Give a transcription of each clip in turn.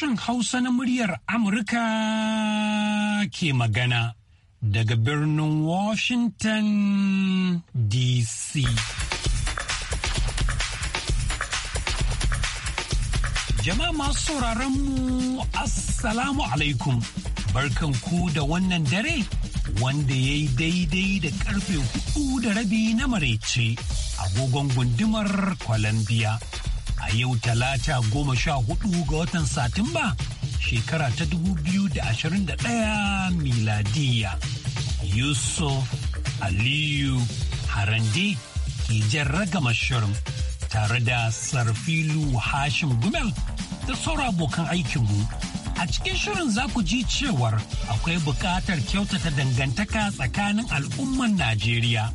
sashen Hausa na muryar Amurka ke magana daga birnin Washington DC. Jama'a masu sauraron mu Assalamu alaikum, barkan ku da wannan dare wanda ya yi daidai da karfe hudu da rabi na maraice agogon gundumar kwalambiya. yau talata goma sha hudu ga watan satumba shekara ta dubu biyu da ashirin da daya, ɗaya miladiya yusuf aliyu harande ke jan ragama shirin tare da sarfilu hashim gumel da sauran abokan aikinmu a cikin shirin za ku ji cewar akwai buƙatar kyautata dangantaka tsakanin al'umman najeriya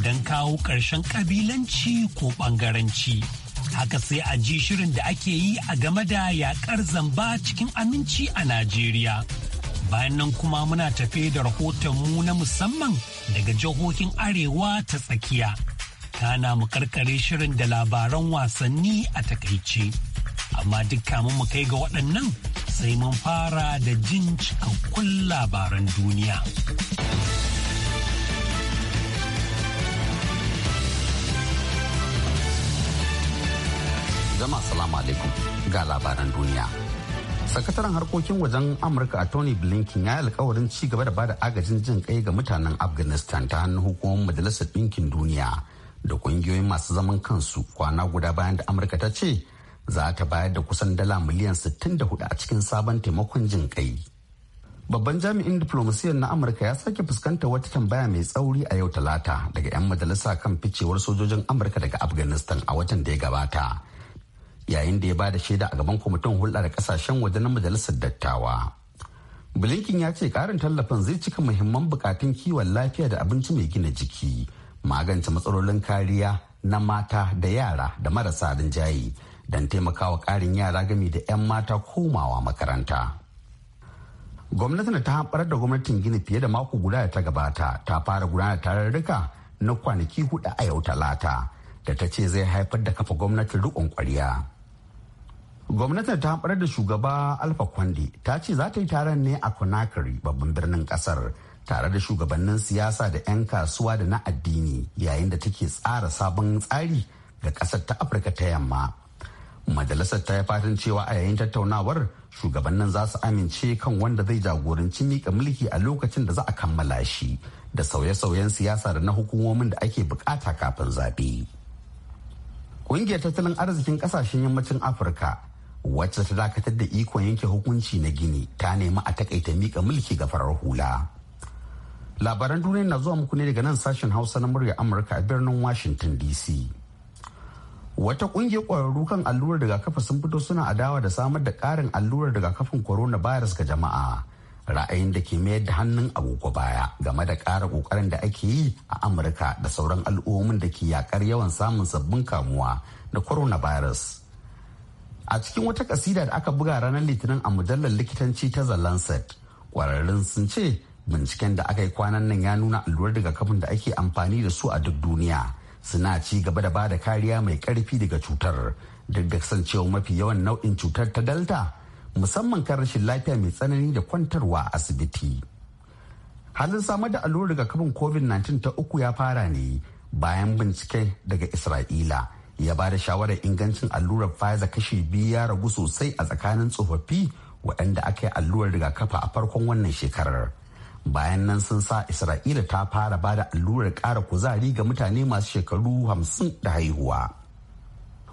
don kawo ƙarshen ƙabilanci ko ɓangaranci. haka sai a ji shirin da ake yi a game da yakar zamba cikin aminci a Najeriya. Bayan nan kuma muna tafe da rahotonmu na musamman daga jihohin Arewa ta tsakiya. Kana mu karkare shirin da labaran wasanni a takaice. Amma duk mu kai ga waɗannan sai mun fara da jin cikakkun labaran duniya. zama salamu alaikum ga labaran duniya. Sakataren harkokin wajen Amurka a Tony Blinken ya yi alkawarin ci gaba da bada agajin jin kai ga mutanen Afghanistan ta hannun hukumar Majalisar Ɗinkin Duniya da kungiyoyin masu zaman kansu kwana guda bayan da Amurka ta ce za ta bayar da kusan dala miliyan 64 a cikin sabon taimakon jin kai. babban jami'in diplomasiyyar na amurka ya sake fuskantar wata tambaya mai tsauri a yau talata daga 'yan majalisa kan ficewar sojojin amurka daga afghanistan a watan da ya gabata yayin da ya ba da shaida a gaban kwamitin hulɗa da ƙasashen waje na majalisar dattawa. Blinken ya ce ƙarin tallafin zai cika muhimman buƙatun kiwon lafiya da abinci mai gina jiki, magance matsalolin kariya na mata da yara da marasa rinjaye don taimakawa ƙarin yara gami da 'yan mata komawa makaranta. Gwamnatin ta haɓar da gwamnatin gini fiye da mako guda da ta gabata ta fara gudanar tararruka na kwanaki hudu a yau talata da ta ce zai haifar da kafa gwamnatin riƙon ƙwarya. gwamnatin ta haɓar da shugaba alfa kwande ta ce za ta yi taron ne a conakry babban birnin kasar tare da shugabannin siyasa da 'yan kasuwa da na addini yayin da take tsara sabon tsari ga ƙasar ta afirka ta yamma majalisar ta yi fatan cewa a yayin tattaunawar shugabannin za su amince kan wanda zai jagoranci mika mulki a lokacin da za a kammala shi da sauye-sauyen siyasa da na hukumomin da ake bukata kafin zaɓe. ƙungiyar tattalin arzikin ƙasashen yammacin afirka wacce ta dakatar da ikon yanke hukunci na gini ta nemi a takaita mika mulki ga farar hula labaran duniya na zuwa muku ne daga nan sashen hausa na murya amurka a birnin washington dc wata kungiyar kwararru kan allurar rigakafi sun fito suna adawa da samar da karin allurar rigakafin virus ga jama'a ra'ayin da ke mayar da hannun agogo baya game da kara kokarin da ake yi a amurka da sauran al'ummar da ke yakar yawan samun sabbin kamuwa na coronavirus. virus a cikin wata kasida da aka buga ranar litinin a mujallar likitanci ta the lancet kwararrun sun ce binciken da aka yi kwanan nan ya nuna allurar rigakafin da ake amfani da su a duk duniya suna ci gaba da bada kariya mai karfi daga cutar duk da kasancewa mafi yawan nau'in cutar ta delta musamman kan rashin lafiya mai tsanani da kwantarwa a asibiti halin samar da allurar rigakafin covid-19 ta uku ya fara ne bayan bincike daga isra'ila ya ba da shawarar ingancin allurar Pfizer kashi biyu ya ragu sosai a tsakanin tsofaffi waɗanda aka yi allurar rigakafi a farkon wannan shekarar. Bayan nan sun sa Isra'ila ta fara ba da allurar ƙara kuzari ga mutane masu shekaru hamsin da haihuwa.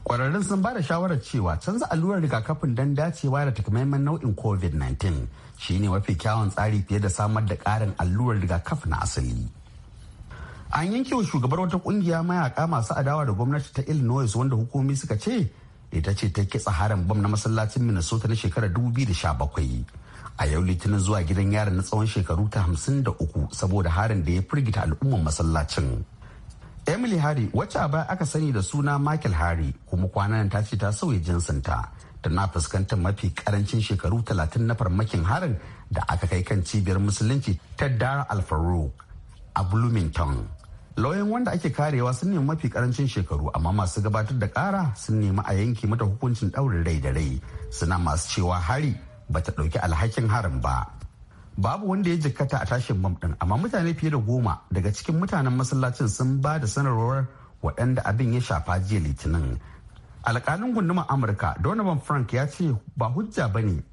Ƙwararrun sun ba da shawarar cewa canza allurar rigakafin don dacewa da takamaiman nau'in COVID-19 shine mafi kyawun tsari fiye da samar da ƙarin allurar rigakafi na asali. an yanke wa shugabar wata kungiya mayaka masu adawa da gwamnati ta illinois wanda hukumomi suka ce ita ce ta kitsa harin bam na masallacin minnesota na shekarar 2017 a yau litinin zuwa gidan yara na tsawon shekaru ta uku saboda harin da ya firgita al'umman masallacin emily hari wacce a baya aka sani da suna michael hari kuma kwanan ta ce ta sauya jinsinta tana fuskantar mafi karancin shekaru talatin na farmakin harin da aka kai kan cibiyar musulunci ta dara alfarro a bloomington lauyan wanda ake karewa sun nemi mafi karancin shekaru amma masu gabatar da kara sun nemi a yanke mata hukuncin ɗaurin rai da rai suna masu cewa hari ba ta ɗauki alhakin harin ba babu wanda ya jikkata a tashin bam ɗin amma mutane fiye da goma daga cikin mutanen masallacin sun ba da sanarwar waɗanda abin ya shafa jiya litinin alƙalin gundumar amurka donovan frank ya ce ba hujja ba ne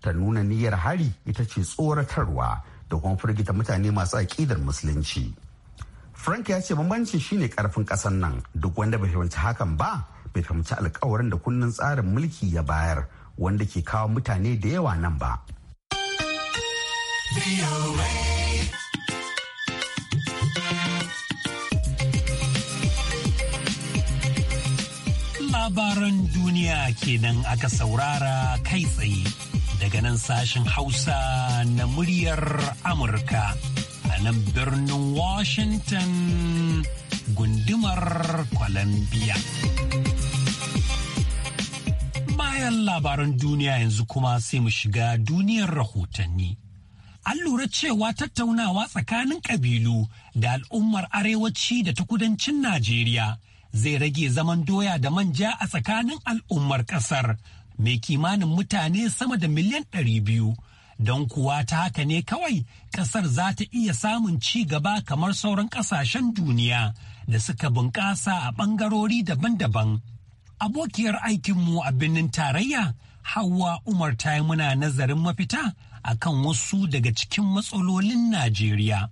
ta nuna niyyar hari ita ce tsoratarwa da kuma firgita mutane masu aƙidar musulunci frank ya ce bambancin shine karfin kasan nan duk wanda bai fahimci hakan ba bai fahimci alkawarin da kunnen tsarin mulki ya bayar wanda ke kawo mutane da yawa nan ba labaran duniya kenan aka saurara kai tsaye daga nan sashen hausa na muryar amurka nan birnin Washington gundumar Columbia. Bayan labaran duniya yanzu kuma sai mu shiga duniyar rahotanni. An lura cewa tattaunawa tsakanin ƙabilu da al'ummar arewaci da ta kudancin Najeriya zai rage zaman doya da manja a tsakanin al'ummar ƙasar mai kimanin mutane sama da miliyan ɗari biyu. don kuwa ta haka ne kawai ƙasar za ta iya samun ci gaba kamar sauran ƙasashen duniya da suka bunƙasa a ɓangarori daban-daban. Abokiyar aikinmu a birnin tarayya Hauwa Umar ta yi muna nazarin mafita a kan wasu daga cikin matsalolin Najeriya.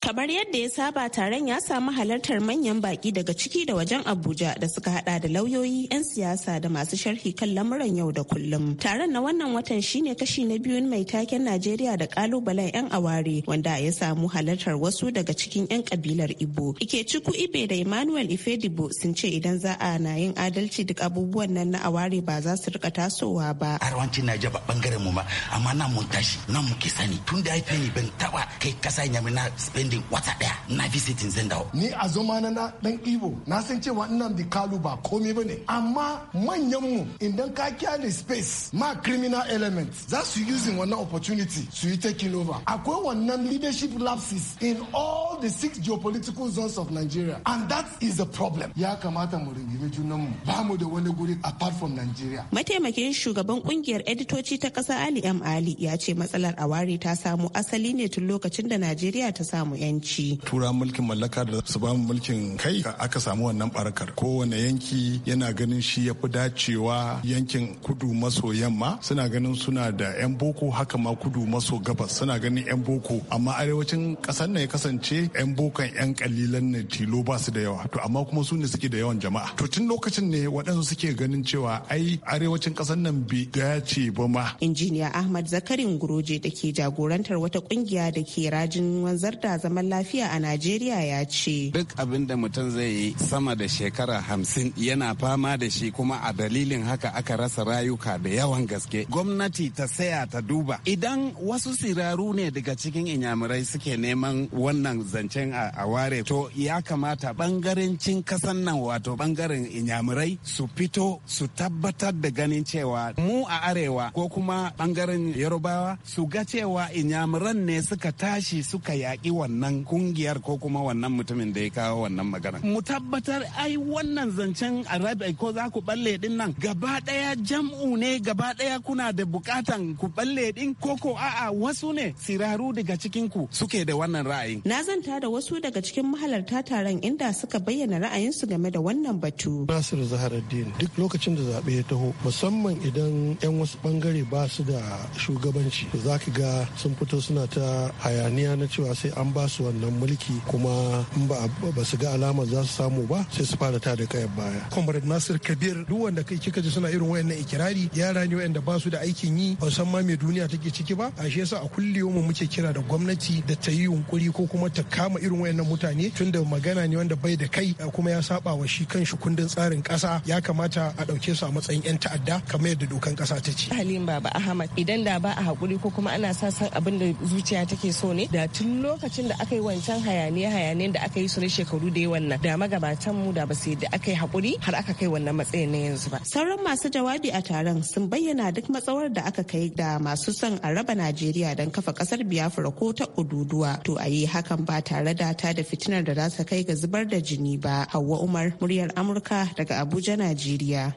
Kamar yadda ya saba taron ya samu halartar manyan baki daga ciki da wajen Abuja da suka hada da lauyoyi, 'yan siyasa da masu sharhi kan lamuran yau da kullum. Taron na wannan watan shine kashi na biyun mai taken Najeriya da kalubalen 'yan aware wanda ya samu halartar wasu daga cikin 'yan kabilar Ibo. ike ciku Ibe da Emmanuel Ifedibo sun ce idan za a na yin adalci duk abubuwan nan na aware ba za su rika tasowa ba. Arwancin Najeriya ba bangaren mu ba amma na mun tashi na mu ke sani tun da haife ni ban taba kai kasa yami Spain spending wata daya na visiting zan ni a zama na na dan ibo na san cewa ina the kalu ba komai bane amma manyan mu idan ka kyale space ma criminal element za su using wannan opportunity su yi taking over akwai wannan leadership lapses in all the six geopolitical zones of Nigeria and that is a problem ya kamata mu rungumi junan mu ba mu da wani guri apart from Nigeria mataimakin shugaban kungiyar editoci ta kasa Ali M Ali ya ce matsalar aware ta samu asali ne tun lokacin da Najeriya ta samu yanci. Tura mulkin mallaka da su bamu mulkin kai aka samu wannan barkar. Kowane yanki yana ganin shi ya fi dacewa yankin kudu maso yamma suna ganin suna da 'yan boko haka ma kudu maso gabas suna ganin 'yan boko amma arewacin kasar na ya kasance 'yan bokan 'yan kalilan ne tilo ba su da yawa to amma kuma su ne suke da yawan jama'a to tun lokacin ne waɗansu suke ganin cewa ai arewacin kasar nan bai dace ba ma. injiniya ahmad zakarin guroje da ke jagorantar wata ƙungiya da ke rajin wanzar da zaman lafiya a Najeriya ya ce. Duk abin da mutum zai yi sama da shekara hamsin yana fama da shi kuma a dalilin haka aka rasa rayuka da yawan gaske. Gwamnati ta saya ta duba. Idan wasu siraru ne daga cikin inyamurai suke neman wannan zancen a ware to ya kamata bangarancin kasan nan wato bangaren inyamurai su fito su tabbatar da ganin cewa mu a arewa ko kuma bangaren yarubawa su ga cewa inyamuran ne suka tashi suka yaƙi wannan wannan kungiyar ko kuma wannan mutumin da ya kawo wannan magana. Mu tabbatar ai wannan zancen Arabi ko za ku balle din nan gaba daya jam'u ne gaba daya kuna da bukatan ku balle din ko ko a'a wasu ne siraru daga cikin ku suke da wannan ra'ayi. Na zanta da wasu daga cikin mahalarta taron inda suka bayyana ra'ayinsu game da wannan batu. Nasiru Zaharaddin duk lokacin da zaɓe ya taho musamman idan 'yan wasu bangare ba su da shugabanci za ki ga sun fito suna ta hayaniya na cewa sai an ba su wannan mulki kuma in ba ba su ga alama za su samu ba sai su fara ta da kayan baya comrade nasir kabir duk wanda kai kika ji suna irin wayannan ikirari yara ne wayanda ba su da aikin yi ba san ma me duniya take ciki ba a shi yasa a kulle mu muke kira da gwamnati da ta yi yunkuri ko kuma ta kama irin wayannan mutane tun da magana ne wanda bai da kai kuma ya saba wa shi kan shi kundin tsarin kasa ya kamata a dauke su a matsayin yan ta'adda kamar yadda dokan kasa ta ce halim baba ahmad idan da ba a hakuri ko kuma ana sa san abin da zuciya take so ne da tun lokacin da aka yi wancan hayaniya hayaniyan da aka yi su na shekaru da yawan nan da magabatan mu da ba su da aka yi hakuri har aka kai wannan matsayin na yanzu ba sauran masu jawabi a taron sun bayyana duk matsawar da aka kai da masu son a raba najeriya don kafa kasar biafra ko ta ududuwa to a yi hakan ba tare da ta da fitinar da za ta kai ga zubar da jini ba Hauwa umar muryar amurka daga abuja najeriya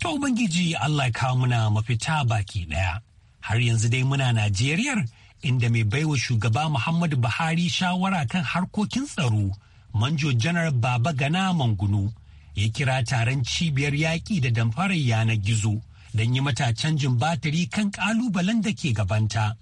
ta ubangiji allah ya kawo muna mafita baki daya har yanzu dai muna najeriyar inda mai baiwa shugaba Muhammadu Buhari shawara kan harkokin tsaro manjo janar Baba Gana Mangunu ya kira taron cibiyar yaƙi da damfarar yanar gizo don yi mata canjin batiri kan ƙalubalen da ke gabanta.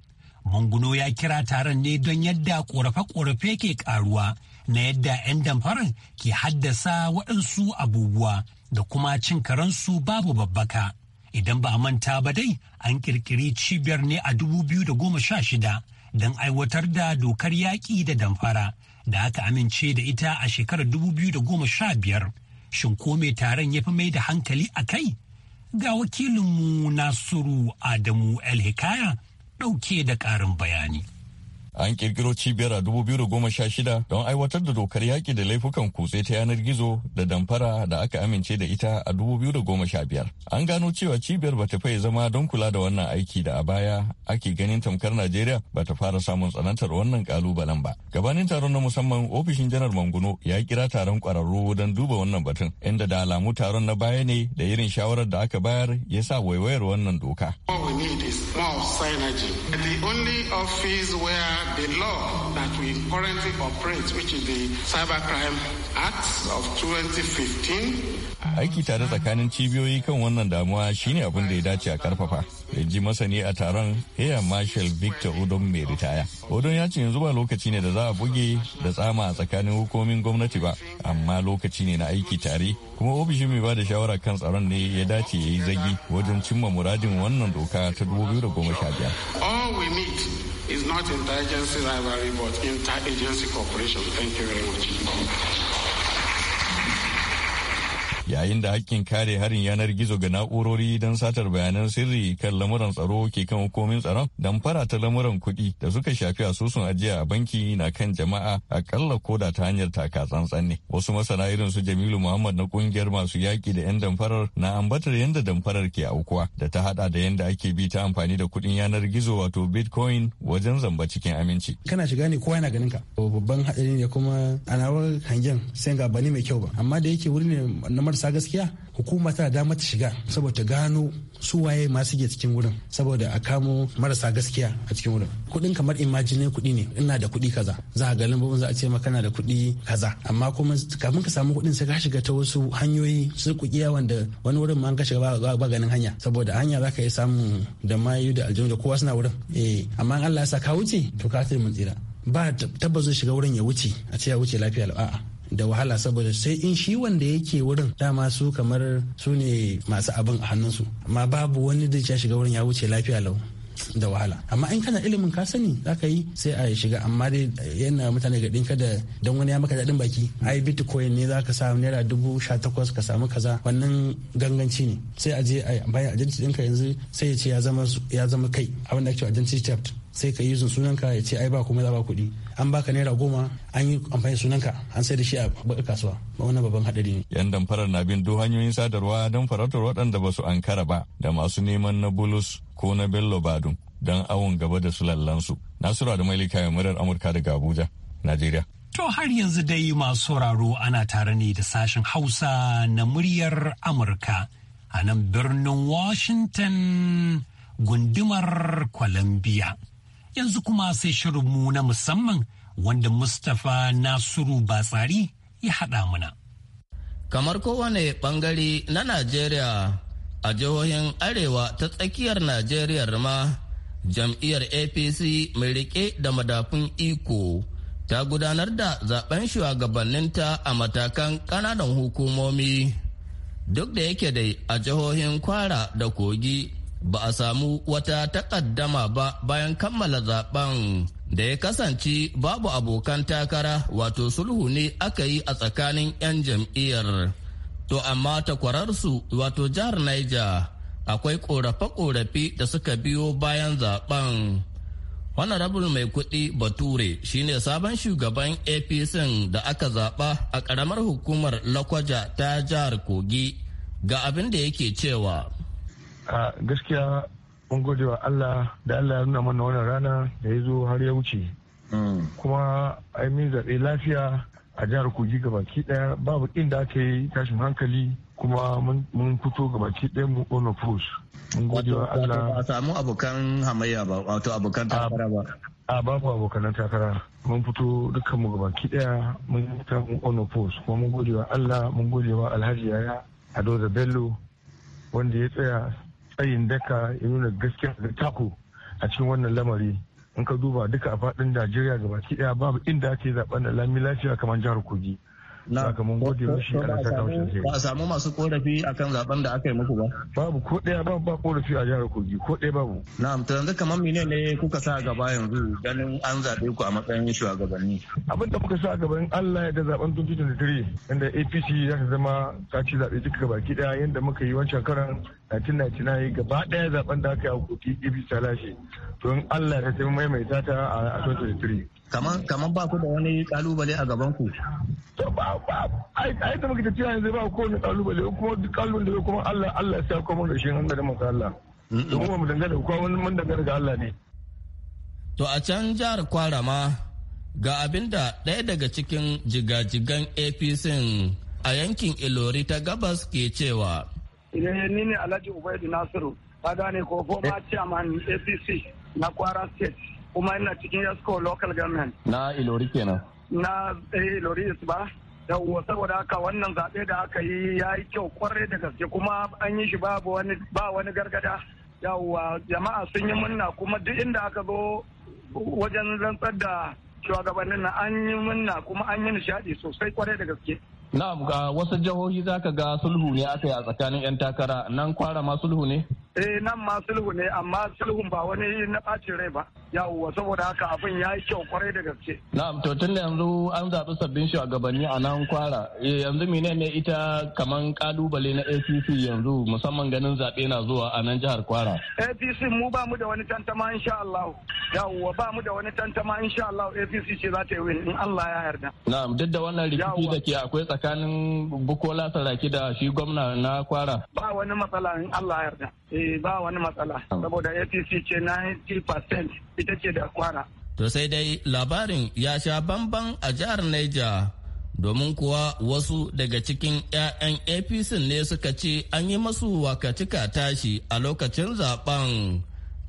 Manguno ya kira taron ne don yadda ƙorafe-ƙorafe ke ƙaruwa na yadda 'yan damfarar ke haddasa waɗansu abubuwa da kuma cin karansu babu babbaka. Idan ba a manta ba dai an kirkiri cibiyar ne a dubu da sha shida don aiwatar da dokar yaƙi da damfara da aka amince da ita a shekarar dubu goma sha biyar. Shin ko mai taron ya fi mai da hankali a kai? Ga wakilinmu Nasiru Adamu El Hikaya ɗauke da ƙarin bayani. An kirkiro cibiyar a 2016 don aiwatar da dokar yaƙi da laifukan kutse ta yanar gizo da damfara da aka amince da ita a 2015. An gano cewa cibiyar ba ta faye zama don kula da wannan aiki da a baya ake ganin tamkar Najeriya ba ta fara samun tsanantar wannan kalubalen ba. Gabanin taron na musamman ofishin janar Manguno ya kira taron kwararru don duba wannan batun inda da alamu taron na baya ne da irin shawarar da aka bayar ya sa waiwayar wannan doka. The only office where the law that we currently operate, which is the Cybercrime Act of 2015. Aiki tare tsakanin cibiyoyi kan wannan damuwa shine abin da ya dace a karfafa. Ya ji masani a taron Air Marshal Victor Odom mai ritaya. Odom ya ce yanzu ba lokaci ne da za a buge da tsama a tsakanin hukumomin gwamnati ba, amma lokaci ne na aiki tare. Kuma ofishin mai ba da shawara kan tsaron ne ya dace ya yi zagi wajen cimma muradin wannan doka ta 2015. All we need It's not interagency rivalry, but interagency cooperation. Thank you very much. yayin da hakkin kare harin yanar gizo ga na'urori don satar bayanan sirri kan lamuran tsaro ke kan hukumin tsaron don ta lamuran kuɗi da suka shafi asusun ajiya a banki na kan jama'a akalla da ta hanyar taka tsantsan ne wasu masana irin su jamilu muhammad na kungiyar masu yaƙi da 'yan damfarar na ambatar yadda damfarar ke aukuwa da ta haɗa da yadda ake bi ta amfani da kuɗin yanar gizo wato bitcoin wajen zamba cikin aminci kana shiga ne kowa yana ganin ka babban haɗari ne kuma anawar hangen sai ga bani mai kyau ba amma da yake wuri ne na bisa gaskiya hukuma tana dama ta shiga saboda gano su waye ma suke cikin wurin saboda a kamo marasa gaskiya a cikin wurin kuɗin kamar imajine kuɗi ne ina da kuɗi kaza za a ga lambobin za a ce maka na da kuɗi kaza amma kuma kafin ka samu kuɗin sai ka shiga ta wasu hanyoyi sun kuƙiya wanda wani wurin ma an ka shiga ba ganin hanya saboda hanya za ka iya samun da mayu da aljanu da kowa suna wurin eh amma Allah ya sa ka wuce to ka mun tsira ba tabbas shiga wurin ya wuce a ce ya wuce lafiya a'a da wahala saboda sai in shi wanda yake wurin dama su kamar su ne masu abin a hannunsu amma babu wani da ya shiga wurin ya wuce lafiya lau da wahala amma in kana ilimin ka sani zaka yi sai a shiga amma dai yana mutane ga ɗinka da don wani ya maka daɗin baki ai bitcoin ne za ka samu naira dubu sha takwas ka samu kaza wannan ganganci ne sai a je a bayan ajanci ɗinka yanzu sai ya ce ya zama kai abin da ake ajanci theft sai ka yi zun sunanka ya ce ai ba kuma za ba kuɗi an baka naira goma an yi amfani sunanka an sai da shi a baka kasuwa ba wannan babban hadari ne yan damfarar na bin duk hanyoyin sadarwa don farautar waɗanda ba su ankara ba da masu neman na bulus ko na bello badun don awon gaba da su lallansu nasiru da mai ya murar amurka daga abuja najeriya To har yanzu dai masu sauraro ana tare ne da sashen Hausa na muryar Amurka a nan birnin Washington gundumar Columbia. Yanzu kuma sai shirin mu na musamman wanda Mustapha Nasiru Batsari ya haɗa mana. Kamar kowane ɓangare na Najeriya a jihohin Arewa ta tsakiyar Najeriya ma jam'iyyar APC mai rike da madafun iko ta gudanar da zaben shugabanninta a matakan ƙananan hukumomi. Duk da yake dai a jihohin Kwara da Kogi ba a samu wata takaddama ba bayan kammala zaben da ya kasance babu abokan takara wato sulhu ne aka yi a tsakanin 'yan jam'iyyar to amma takwararsu wato jihar niger akwai korafe-korafe da suka biyo bayan zaben honorable mai kuɗi bature shine sabon shugaban apc da aka zaɓa a ƙaramar hukumar lakwaja ta jihar kogi ga abin da yake cewa a gaskiya mun gode wa Allah da Allah ya nuna mana wannan rana da ya zo har ya wuce mm. kuma ai min zaɓe lafiya a jihar kogi gabaki daya babu inda aka yi tashin hankali kuma mun fito gabaki daya mu ono pros mun gode wa Allah ba samu abokan hamayya ba wato abokan takara ba a babu abokan takara mun fito dukkan mu gabaki daya mun ta mu ono pros kuma mun gode wa Allah mun gode wa Alhaji Yaya Adoza Bello wanda ya tsaya tsayin daka ya nuna gaskiya da taku a cikin wannan lamari in ka duba duka a faɗin najeriya ga baki ɗaya babu inda ake zaben da lami lafiya kamar jihar kogi sakamakon gode mishi ana ta kaushin sai ba a samu masu korafi akan zaben da aka yi muku ba babu ko ɗaya babu ba korafi a jihar kogi ko ɗaya babu na'am to yanzu kamar mine ne kuka sa gaba yanzu ganin an zaɓe ku a matsayin shugabanni abin da kuka sa gaban Allah ya da zaben 2023 inda APC za ta zama ta ci zaɓe duka baki ɗaya yadda muka yi wancan karan 1999 gaba daya zaben da aka yi a kotu ibi ta lashe don allah ta sai maimaita ta a 2023 kamar ba ku da wani kalubale a gaban ku ba ba ai da muke tafiya yanzu ba ko wani kalubale kuma duk kalubale da kuma allah allah sai kuma da shi Allah da masa allah don mu dangana ko wani mun dangana ga allah ne to a can jihar kwara ma ga abin da ɗaya daga cikin jigajigan apc a yankin ilori ta gabas ke cewa Eh, ni ne alhaji ubaidu nasiru ka gane ko former eh. chairman apc na kwara state kuma ina cikin yasko local government na ilori kenan na eh, ilori ba yawwa saboda haka wannan zaɓe da aka yi ya yi kyau kwarai da gaske kuma an yi shi babu wani ba wani gargada yawwa jama'a sun yi munna kuma duk inda aka zo wajen rantsar da shugabannin an yi munna kuma an yi nishaɗi sosai kwarai da gaske Na'am ga wasu jihohi zaka ga sulhu ne aka yi a tsakanin 'yan takara nan kwara ma sulhu ne? Eh nan ma sulhu ne amma sulhun ba wani na ɓacin rai ba. Yawuwa saboda haka abin ya yi kyau kwarai da gaske. Na'am to tun da yanzu an zaɓi sabbin shugabanni a nan kwara eh, yanzu mine ne ita kaman kalubale na APC yanzu musamman ganin zaɓe na zuwa a nan jihar kwara. APC mu ba mu da wani tantama insha Allah Yawuwa ba mu da wani tantama insha Allah APC ce za ta yi in Allah ya yarda. Na'am duk da wannan rikici da ke akwai tsakanin Bukola Saraki da shi gwamna na kwara. Ba wani matsala in Allah ya yarda. Eh ba wani matsala saboda APC ce 90% ita ce da kwara. To sai dai labarin ya sha bamban a jihar neja domin kuwa wasu daga cikin 'ya'yan APC ne suka ce an yi masu wakacika tashi a lokacin zaben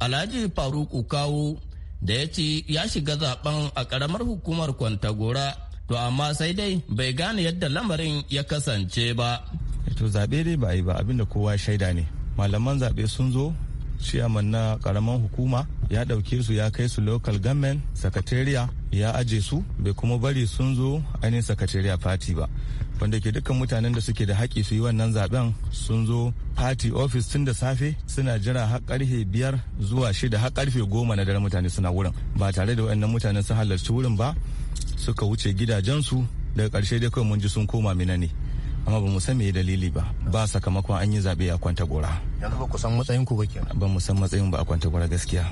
Alhaji Faruku Kawu da ya ce ya shiga zaben a karamar hukumar Kwantagora to amma sai dai bai gane yadda lamarin ya kasance ba. To zaɓe dai ba yi ba abinda kowa shaida ne. Malaman zaɓe sun zo na ƙaramin hukuma ya ɗauke su ya kai su local government sakatariya ya aje su bai kuma bari sun zo ainihin sakatariya party ba wanda ke dukkan mutanen da suke da haƙƙi su yi wannan zaben sun zo party office tun da safe suna jira har karfe biyar zuwa shida har karfe goma na dare mutane suna wurin ba tare da waɗannan mutanen sun halarci wurin ba suka wuce gidajensu daga ƙarshe dai kawai mun ji sun koma mina ne amma ba mu san me dalili ba ba sakamakon an yi zaɓe a kwanta gora yanzu ba ku san matsayin ku ba kenan ba mu san matsayin ba a kwanta gora gaskiya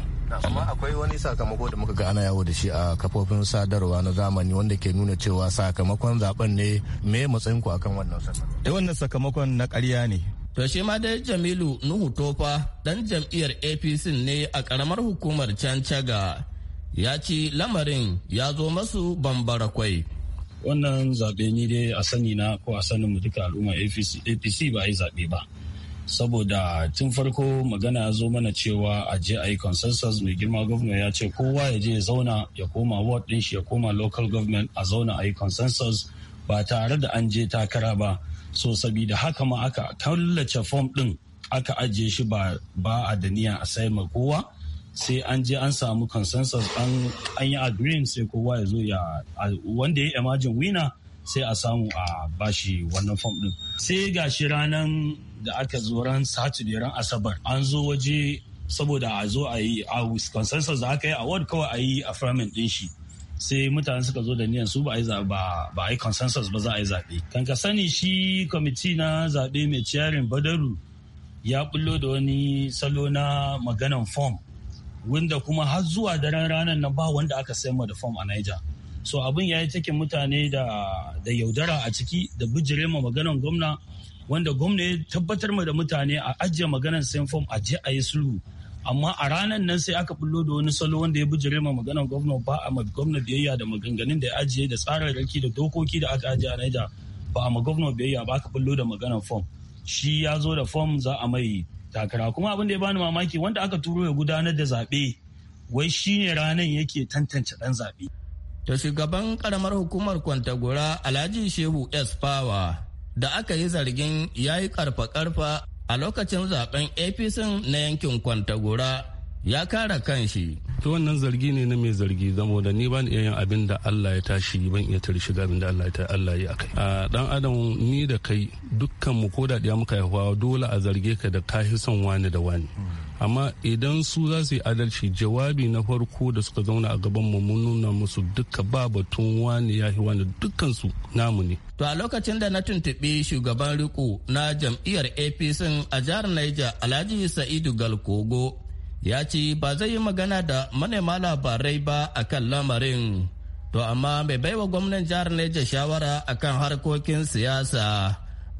amma akwai wani sakamako da muka ga ana yawo da shi a kafofin sadarwa na zamani wanda ke nuna cewa sakamakon zaben ne me matsayin ku akan wannan sakamakon eh wannan sakamakon na ƙarya ne to shi ma dai Jamilu Nuhu Tofa dan jam'iyyar APC ne a karamar hukumar Cancaga ya ci lamarin ya zo masu bambara kwai wannan zaɓe ni dai a sani na ko a sanin mu duka al'umma apc ba a yi zaɓe ba saboda tun farko magana ya zo mana cewa a je a yi consensus mai girma gwamna ya ce kowa ya je ya zauna ya koma ward din shi ya koma local government a zauna a yi consensus ba tare da an je takara ba so sabida haka ma aka kallace form ɗin aka ajiye shi ba a da niyan a sai ma kowa sai an je an samu consensus an yi agreeing sai kowa ya zo ya wanda ya imagine winner sai a samu a bashi wannan fom din sai gashi ranan da aka zo ran saturday ran asabar an zo waje saboda a zo a yi a consensus da aka yi award kawai a yi affirming din shi sai mutane suka zo da niyan su ba a yi consensus ba za a yi zaɓe kan ka sani shi kwamiti na zaɓe mai ciyarin badaru ya bullo da wani salo na maganan form wanda kuma har zuwa daren ranar na ba wanda aka sayar da fom a Niger. So abin ya yi take mutane da yaudara a ciki da bijire ma maganan gwamna wanda gwamna ya tabbatar ma da mutane a ajiye maganan sayan fom a je a yi sulhu. Amma a ranar nan sai aka bullo da wani salo wanda ya bijire ma maganan gwamna ba a ma gwamna biyayya da maganganun da ya ajiye da tsararraki da dokoki da aka ajiye a Niger ba a ma gwamna biyayya ba aka bullo da maganan fom. Shi ya zo da fom za a mai takara kuma abin da ya bani mamaki wanda aka turo ya gudanar da zaɓe wai shi ne ranar yake tantance ɗan zaɓe. da shugaban karamar hukumar kwantagora alhaji shehu s fawa da aka yi zargin ya yi karfa-karfa a lokacin zaben apc na yankin kwantagora ya kara kanshi to wannan zargi ne na mai zargi zamo da ni ban iya yin abin da Allah ya tashi ban iya tare shiga abin da Allah ya tashi Allah ya kai. a dan adam ni da kai dukkan mu ko da muka haihuwa dole a zarge ka da kahi son wani da wani amma idan su za su yi adalci jawabi na farko da suka zauna a gaban mu mun nuna musu duka ba batun wani ya yi wani dukkan su namu ne to a lokacin da na tuntuɓi shugaban riko na jam'iyyar apc a jihar niger alhaji sa'idu galkogo ya ce ba zai yi magana da manema labarai ba a kan lamarin to amma mai baiwa gwamnan jihar Neja shawara akan harkokin siyasa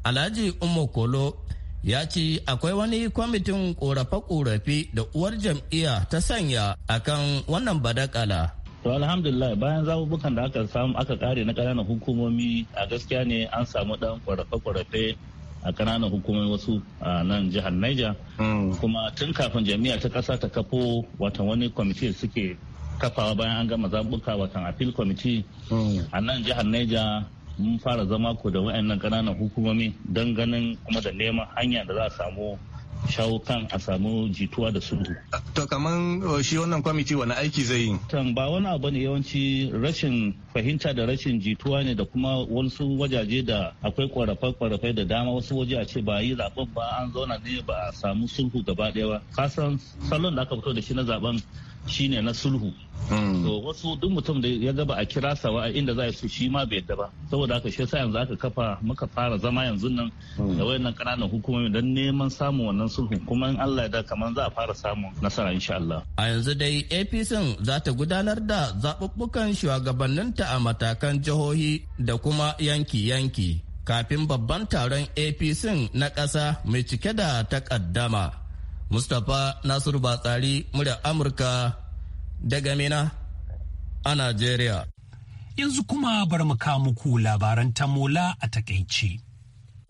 alhaji umokolo ya ce akwai wani kwamitin korafe-korafe da uwar jam'iyya ta sanya akan wannan badakala to alhamdulillah bayan zabubukan da aka samu aka kare na ƙananan hukumomi a gaskiya ne an samu ɗan ƙorafe korafe a ƙananan hukumomi wasu a nan jihar Niger. Hmm. Kuma tun kafin jami'a ta ƙasa ta kafo watan wani kwamiti suke kafawa bayan an gama zabuka watan appeal kwamiti. Hmm. a nan jihar Niger mun fara zama ko da wayannan ƙananan hukumomi don ganin kuma da neman hanya da za a samu shawo kan a samu jituwa da sulhu. To kaman shi wannan kwamiti wani aiki zai yi? Tan ba wani abu ne yawanci rashin fahimta da rashin jituwa ne da kuma wasu wajaje da akwai ƙwarafe kwarafai da dama wasu waje a ce ba yi zaben ba an zauna ne ba a samu sulhu gaba ɗaya ba. Kasan salon da aka fito da shi na zaben shine na sulhu hmm. So wasu duk mutum da ya gaba a kira sawa a inda za su shi ma bai da ba saboda haka shi yasa yanzu aka kafa muka fara zama yanzu nan hmm. da wayannan kananan hukumomi don neman samun wannan sulhu kuma in Allah ya da kamar za a fara samun nasara insha Allah a yanzu dai APC za ta gudanar da zaɓuɓɓukan shugabanninta a matakan jihohi da kuma yanki-yanki kafin babban taron APC na ƙasa mai cike da takaddama. Mustapha Nasiru Batsari murya Amurka daga Mina a Najeriya. Yanzu kuma bar mu muku labaran tamola a takaice.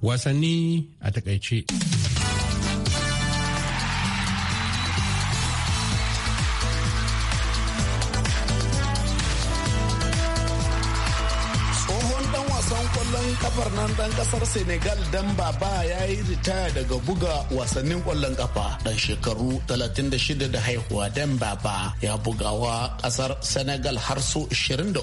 Wasanni a takaice. nan dan kasar Senegal dan baba ya yi ritaya daga buga wasannin kwallon kafa dan shekaru 36 da haihuwa dan baba ya bugawa kasar Senegal har su 23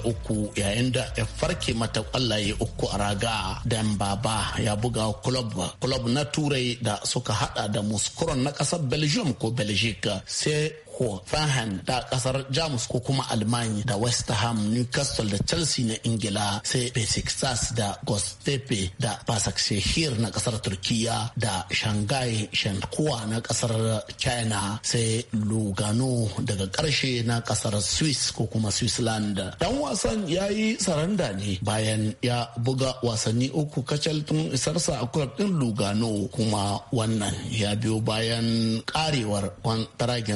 yayin da ya farke mata kwallaye uku a raga dan baba ya buga club club na turai da suka hada da muskuron na kasar Belgium ko Belgique sai hoffenheim da kasar jamus ko kuma almani da west ham newcastle da chelsea na ingila sai besiktas da gostepe da basak shehir na kasar turkiya da shanghai shankuwa na kasar china sai lugano daga karshe na kasar swiss ko kuma switzerland dan wasan ya yi saranda ne bayan ya buga wasanni uku kacal tun isarsa a club din lugano kuma wannan ya biyo bayan karewar kwan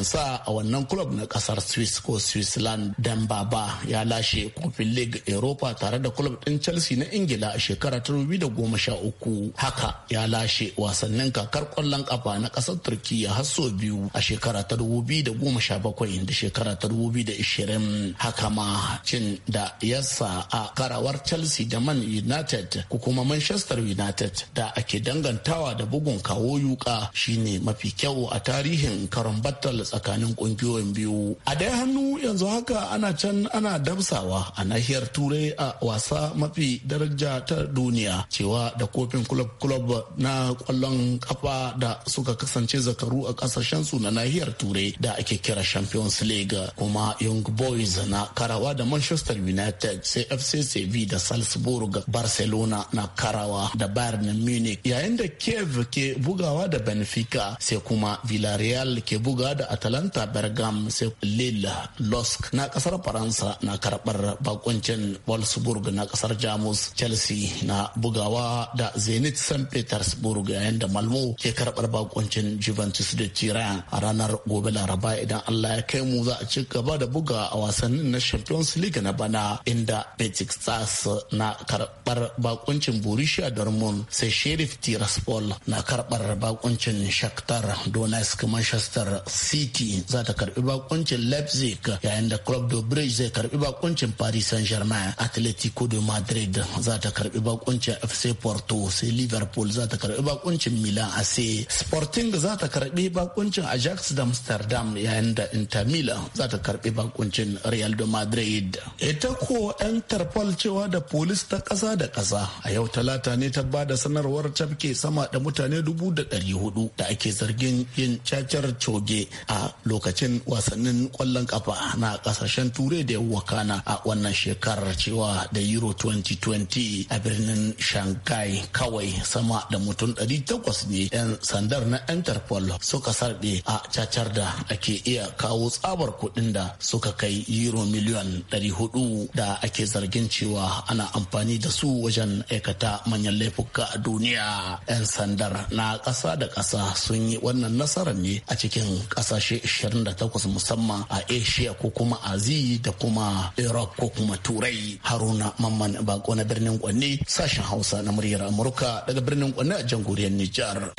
sa a wannan club na kasar Swiss ko Switzerland dan baba ya lashe kofin League Europa tare da club din Chelsea na Ingila a shekarar 2013 haka ya lashe wasannin kakar kwallon kafa na kasar Turkiya har sau biyu a shekarar ta 2017 da shekarar 2020 haka ma cin da yasa a karawar Chelsea da Man United ko kuma Manchester United da ake dangantawa da bugun kawo yuka shine mafi kyau a tarihin karon battle tsakanin kungiyoyin biyu a dai hannu yanzu haka ana can ana damsawa a nahiyar turai a wasa mafi daraja ta duniya cewa da kofin club club na kwallon kafa da suka kasance zakaru a kasashen su na nahiyar turai da ake kira champions league kuma young boys na karawa da manchester united sai fc sevilla da salzburg barcelona na karawa da bayern munich yayin da kiev ke bugawa da benfica sai kuma villarreal ke buga da atalanta bergam sai lille losk na kasar faransa na karbar bakuncin wolfsburg na kasar jamus chelsea na bugawa da zenit st petersburg yayin da malmo ke karbar bakuncin juventus da Turin a ranar gobe laraba idan allah ya kai mu za a ci gaba da buga a wasannin na champions league na bana inda Betis stars na karbar bakuncin borussia dortmund sai sheriff tiraspol na karbar bakuncin shakhtar donetsk manchester city za za ta karbi bakuncin leipzig yayin da club de brugge zai karbi bakuncin paris saint germain atletico de madrid za ta karbi bakuncin fc porto sai liverpool za ta karbi bakuncin milan ac sporting za ta karbi bakuncin ajax da amsterdam yayin da inter milan za ta karbi bakuncin real de madrid ita ko interpol cewa da polis ta kasa da kasa a yau talata ne ta bada sanarwar tafke sama da mutane dubu da ɗari hudu da ake zargin yin cacar coge a lokacin lokacin wasannin kwallon kafa na kasashen turai da wakana a wannan shekarar cewa da euro 2020 a birnin shanghai kawai sama da mutum 800 ne 'yan sandar na interpol suka sarbe a cacar da ake iya kawo tsabar kuɗin da suka kai euro miliyan 400 da ake zargin cewa ana amfani da su wajen aikata manyan laifuka a duniya 'yan sandar na ƙasa da ƙasa sun yi wannan nasarar ne a cikin ƙasashe 38 musamman a asia ko kuma azi da kuma iraq ko kuma turai haruna mamman bako na birnin kwanne sashen hausa na muryar amurka daga birnin kwanne a jamhuriyar nijar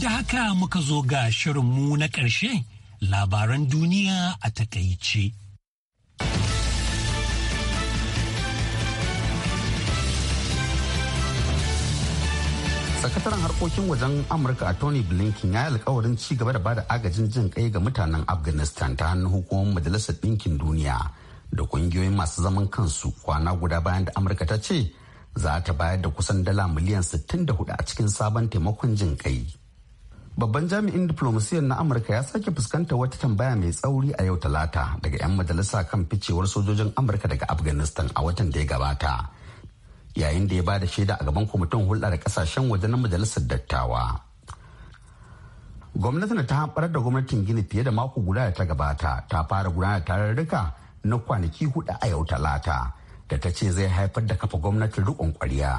da haka muka zo ga shirinmu na ƙarshe labaran duniya a takaice. sakataren harkokin wajen amurka a tony blinken ya yi alkawarin ci gaba da bada agajin jin kai ga mutanen afghanistan ta hannun hukumar majalisar ɗinkin duniya da ƙungiyoyin masu zaman kansu kwana guda bayan da amurka ta ce za ta bayar da kusan dala miliyan 64 a cikin sabon taimakon jin kai babban jami'in diplomasiyyar na amurka ya sake fuskanta wata tambaya mai tsauri a yau talata daga 'yan majalisa kan ficewar sojojin amurka daga afghanistan a watan da ya gabata yayin da ya ba da shaida a gaban kwamitin hulɗa da kasashen waje na majalisar dattawa. gwamnati na ta haɓar da gwamnatin Gini fiye da mako guda da ta gabata ta fara gudanar tararruka na kwanaki hudu a yau talata da ta ce zai haifar da kafa gwamnatin rikon ƙwarya.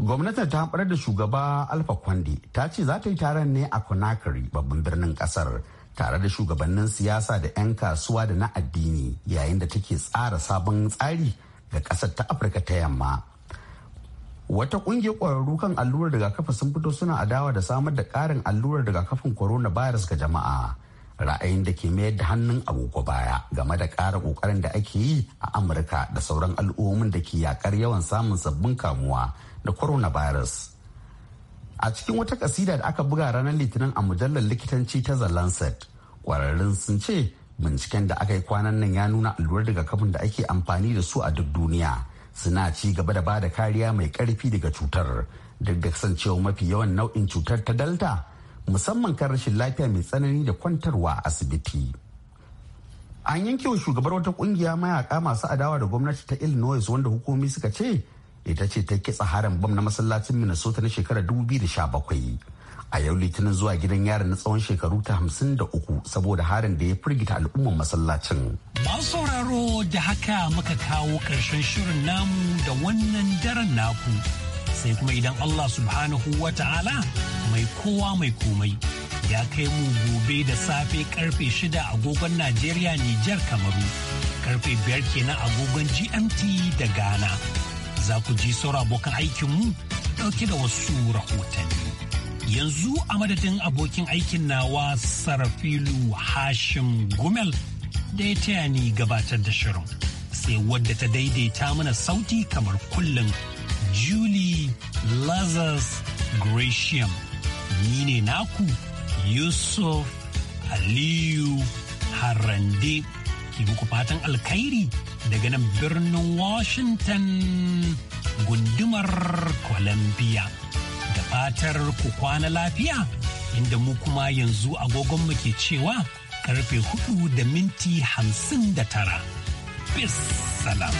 Gwamnatin ta haɓar da shugaba Alfa Kwande ta ce za ta yi taron ne a Conakry babban birnin ƙasar tare da shugabannin siyasa da 'yan kasuwa da na addini yayin da take tsara sabon tsari ga ƙasar ta afirka ta yamma wata ƙungiyar ƙwararru kan allurar rigakafi sun fito suna adawa da samar da ƙarin allurar rigakafin coronavirus ga jama'a ra'ayin da ke mayar da hannun agogo baya game da ƙara ƙoƙarin da ake yi a amurka da sauran al'ummomin da ke yakar yawan samun sabbin kamuwa da coronavirus a cikin wata kasida da aka buga ranar litinin a mujallar likitanci ta the lancet ƙwararrun sun ce binciken da aka yi kwanan nan ya nuna allurar rigakafin da ake amfani da su a duk duniya suna ci gaba da bada kariya mai karfi daga cutar duk da kasancewa mafi yawan nau'in cutar ta delta musamman kan rashin lafiya mai tsanani da kwantarwa a asibiti an yanke wa shugabar wata kungiya mayaka masu adawa da gwamnati ta illinois wanda hukumomi suka ce ita ce ta kitsa harin bam na masallacin minnesota na shekarar 2017 a yau litinin zuwa gidan yari na tsawon shekaru ta hamsin da uku saboda harin da ya firgita al'umman masallacin. Masu sauraro da haka muka kawo ƙarshen shirin namu da wannan daren naku. Sai kuma idan Allah subhanahu wa ta'ala mai kowa mai komai ya kai mu gobe da safe karfe shida agogon Najeriya Nijar Kamaru. Karfe biyar kenan agogon GMT da Ghana. Za ku ji saura abokan aikinmu ɗauke da wasu rahotanni. yanzu a madadin abokin aikin nawa sarafilu hashim gumel da ya taya ni gabatar da shirin sai wadda ta daidaita mana sauti kamar kullum julie lazarus gratium ni ne naku yusuf aliyu harande Ki muku fatan alkhairi daga nan birnin washington gundumar columbia fatar ku kwana lafiya inda mu kuma yanzu agogonmu ke cewa karfe hudu da minti hamsin da tara. Peace salam.